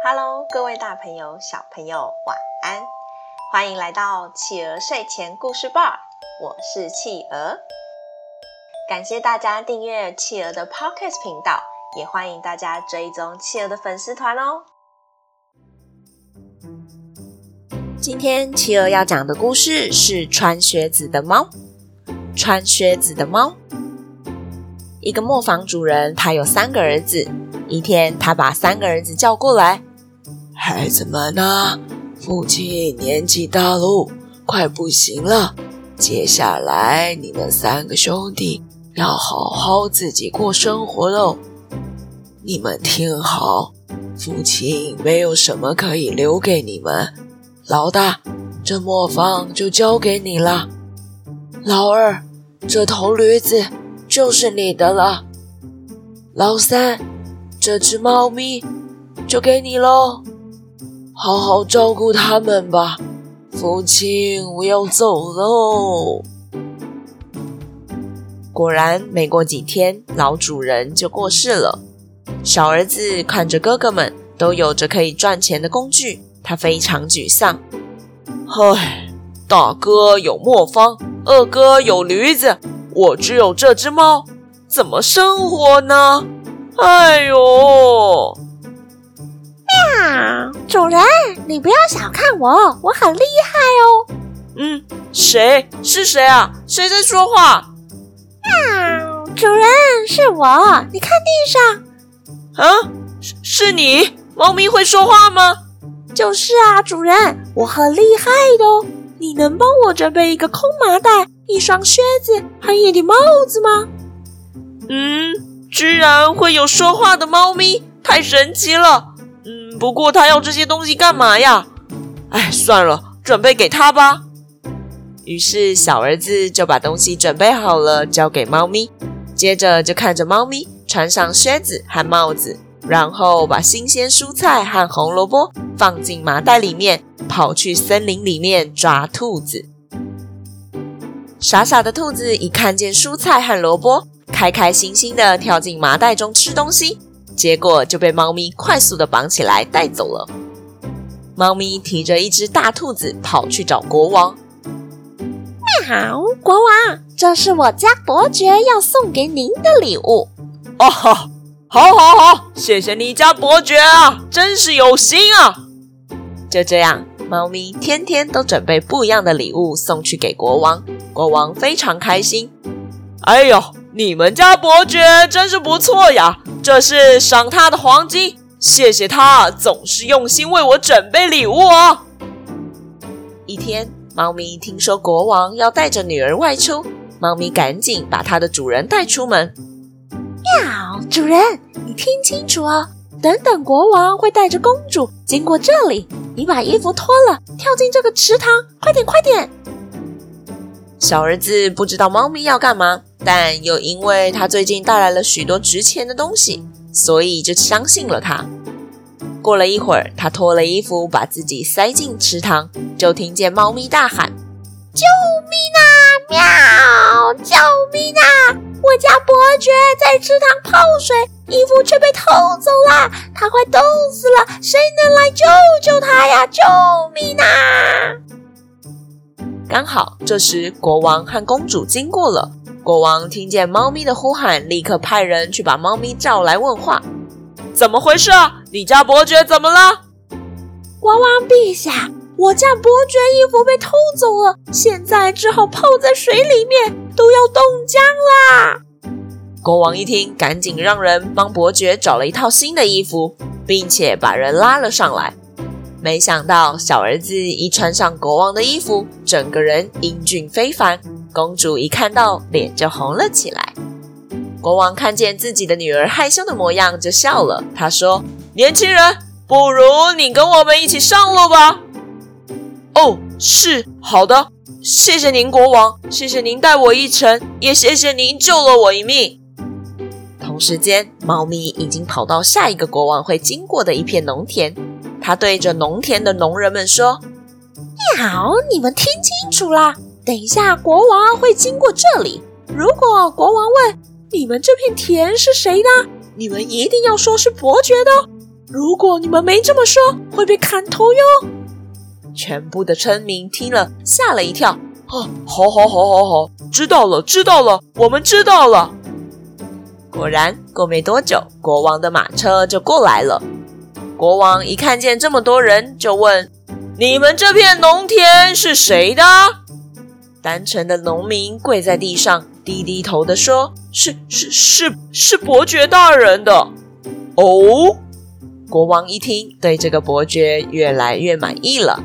哈嘍，Hello, 各位大朋友、小朋友，晚安！歡迎來到企鵝睡前故事吧，我是企鵝。感謝大家訂閱企鵝的 Podcast 頻道，也歡迎大家追蹤企鵝的粉絲團哦。今天企鵝要講的故事是穿靴子的貓。穿靴子的貓，一個磨坊主人，他有三個兒子。一天，他把三個兒子叫過來。孩子們呢、啊？父親年紀大嘍，快不行了。接下來，你們三個兄弟要好好自己過生活嘍。你們聽好，父親沒有什麼可以留給你們。老大，這磨坊就交給你了。老二，這頭驢子就是你的了。老三，這隻貓咪就給你嘍。好好照顧他們吧。父親，我要走了。果然，沒過幾天，老主人就過世了。小兒子看着哥哥們都有着可以賺錢的工具，他非常沮喪。唉，大哥有磨坊，二哥有驢子，我只有這隻貓，怎麼生活呢？哎呦！啊！主人，你不要小看我，我很厲害哦。嗯，誰是誰啊？誰在說話？啊！主人，是我。你看地上。啊？是是你？貓咪會說話嗎？就是啊，主人，我很厲害的哦。你能幫我準備一個空麻袋、一雙靴子還有一頂帽子嗎？嗯，居然會有說話的貓咪，太神奇了。不過他要這些東西幹嘛呀？哎，算了，準備給他吧。於是小兒子就把東西準備好了，交給貓咪。接着就看着貓咪穿上靴子和帽子，然後把新鮮蔬菜和紅蘿蔔放進麻袋裡面，跑去森林裡面抓兔子。傻傻的兔子一看見蔬菜和蘿蔔，開開心心的跳進麻袋中吃東西。結果就被貓咪快速地綁起來帶走了。貓咪提着一隻大兔子跑去找國王。好，國王，這是我家伯爵要送給您的禮物。哦，好，好，好，好，謝謝你家伯爵啊，真是有心啊！就這樣，貓咪天天都準備不一樣的禮物送去給國王，國王非常開心。哎呦，你們家伯爵真是不錯呀！這是賞他的黃金，謝謝他總是用心為我準備禮物哦。一天，貓咪聽說國王要帶着女兒外出，貓咪趕緊把它的主人帶出門。喵，主人，你聽清楚哦！等等，國王會帶着公主經過這裡，你把衣服脫了，跳進這個池塘，快點，快點！小兒子不知道貓咪要幹嘛。但又因為他最近帶來了許多值錢的東西，所以就相信了他。過了一會兒，他脫了衣服，把自己塞進池塘，就聽見貓咪大喊：“救命啊！喵！救命啊！我家伯爵在池塘泡水，衣服卻被偷走啦！他快凍死了，誰能來救救他呀？救命啊！”剛好這時，國王和公主經過了。國王聽見貓咪的呼喊，立刻派人去把貓咪叫來問話：“怎麼回事啊？你家伯爵怎麼了？”國王陛下，我家伯爵衣服被偷走了，現在只好泡在水裡面，都要凍僵啦！國王一聽，趕緊讓人幫伯爵找了一套新的衣服，並且把人拉了上來。沒想到小兒子一穿上國王的衣服，整個人英俊非凡。公主一看到，臉就紅了起來。國王看見自己的女兒害羞的模樣，就笑了。他說：“年輕人，不如你跟我們一起上路吧。”“哦，是，好的，謝謝您，國王，謝謝您帶我一程，也謝謝您救了我一命。”同時間，貓咪已經跑到下一個國王會經過的一片農田。他對着農田的農人們說：“你好，你們聽清楚啦！等一下，國王會經過這裡。如果國王問你們這片田是誰的，你們一定要說是伯爵的。如果你們沒這麼說，會被砍頭喲！”全部的村民聽了，嚇了一跳：“啊，好，好，好，好，好，知道了，知道了，我們知道了。”果然，過沒多久，國王的馬車就過來了。國王一看見這麼多人，就問：“你們這片農田是誰的？”單純的農民跪在地上，低低頭的說：“是是是是伯爵大人的。”哦，國王一聽，對這個伯爵越來越滿意了。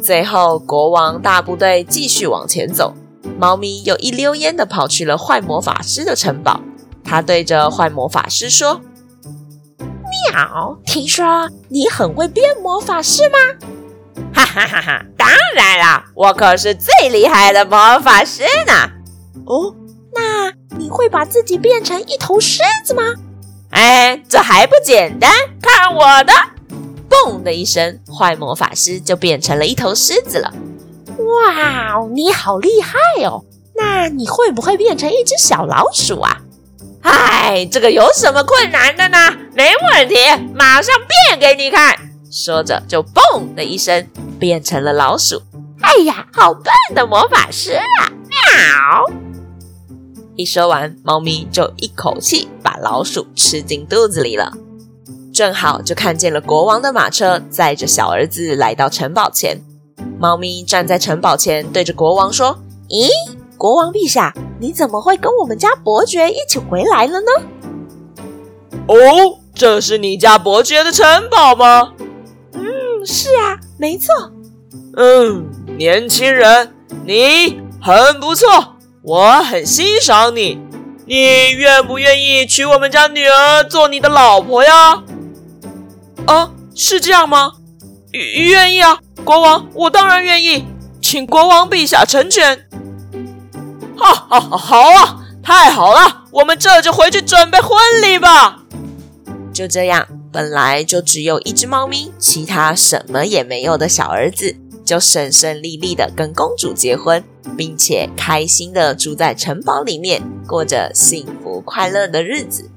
最後，國王大部隊繼續往前走，貓咪又一溜煙的跑去了壞魔法師的城堡。它對着壞魔法師說。喵，聽說你很會變魔法師嗎？哈哈哈哈！當然啦，我可是最厲害的魔法師呢。哦，那你會把自己變成一頭獅子嗎？哎，這還不簡單？看我的！嘣的一聲，壞魔法師就變成了一頭獅子了。哇哦，你好厲害哦！那你會不會變成一隻小老鼠啊？哎，這個有什麼困難的呢？沒問題，馬上變給你看。說着就“嘣”的一聲變成了老鼠。哎呀，好笨的魔法師啊！喵。一說完，貓咪就一口氣把老鼠吃進肚子裡了。正好就看見了國王的馬車載着小兒子來到城堡前。貓咪站在城堡前，對着國王說：“咦？”國王陛下，你怎麼會跟我們家伯爵一起回來了呢？哦，這是你家伯爵的城堡嗎？嗯，是啊，沒錯。嗯，年輕人，你很不錯，我很欣賞你。你願不願意娶我們家女兒做你的老婆呀？啊，是這樣嗎？呃，願意啊，國王，我當然願意，請國王陛下成全。哦哦、好啊好啊，太好了，我們這就回去準備婚禮吧。就這樣，本來就只有一隻貓咪，其他什麼也沒有的小兒子，就順順利利的跟公主結婚，並且開心的住在城堡裡面，過着幸福快樂的日子。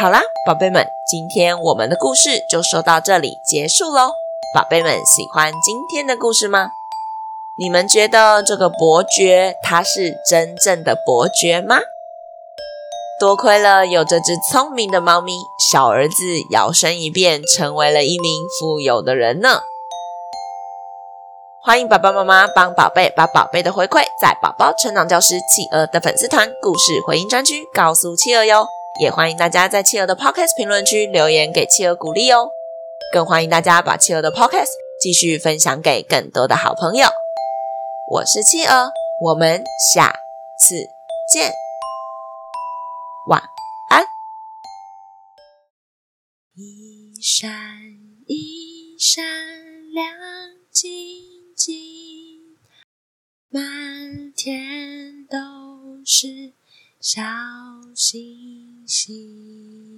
好啦，寶貝們，今天我們的故事就說到這裡結束嘍。寶貝們，喜歡今天的故事嗎？你們覺得這個伯爵他是真正的伯爵嗎？多虧了有這隻聰明的貓咪，小兒子搖身一變，成為了一名富有的人呢。歡迎爸爸媽媽幫寶貝把寶貝的回饋在寶寶成長教室企鵝的粉絲團故事回音專區告訴企鵝喲，也歡迎大家在企鵝的 podcast 評論區留言給企鵝鼓勵喲，更歡迎大家把企鵝的 podcast 繼續分享給更多的好朋友。我是企鵝，我們下次見，晚安。一閃一閃亮晶晶，滿天都是小星星。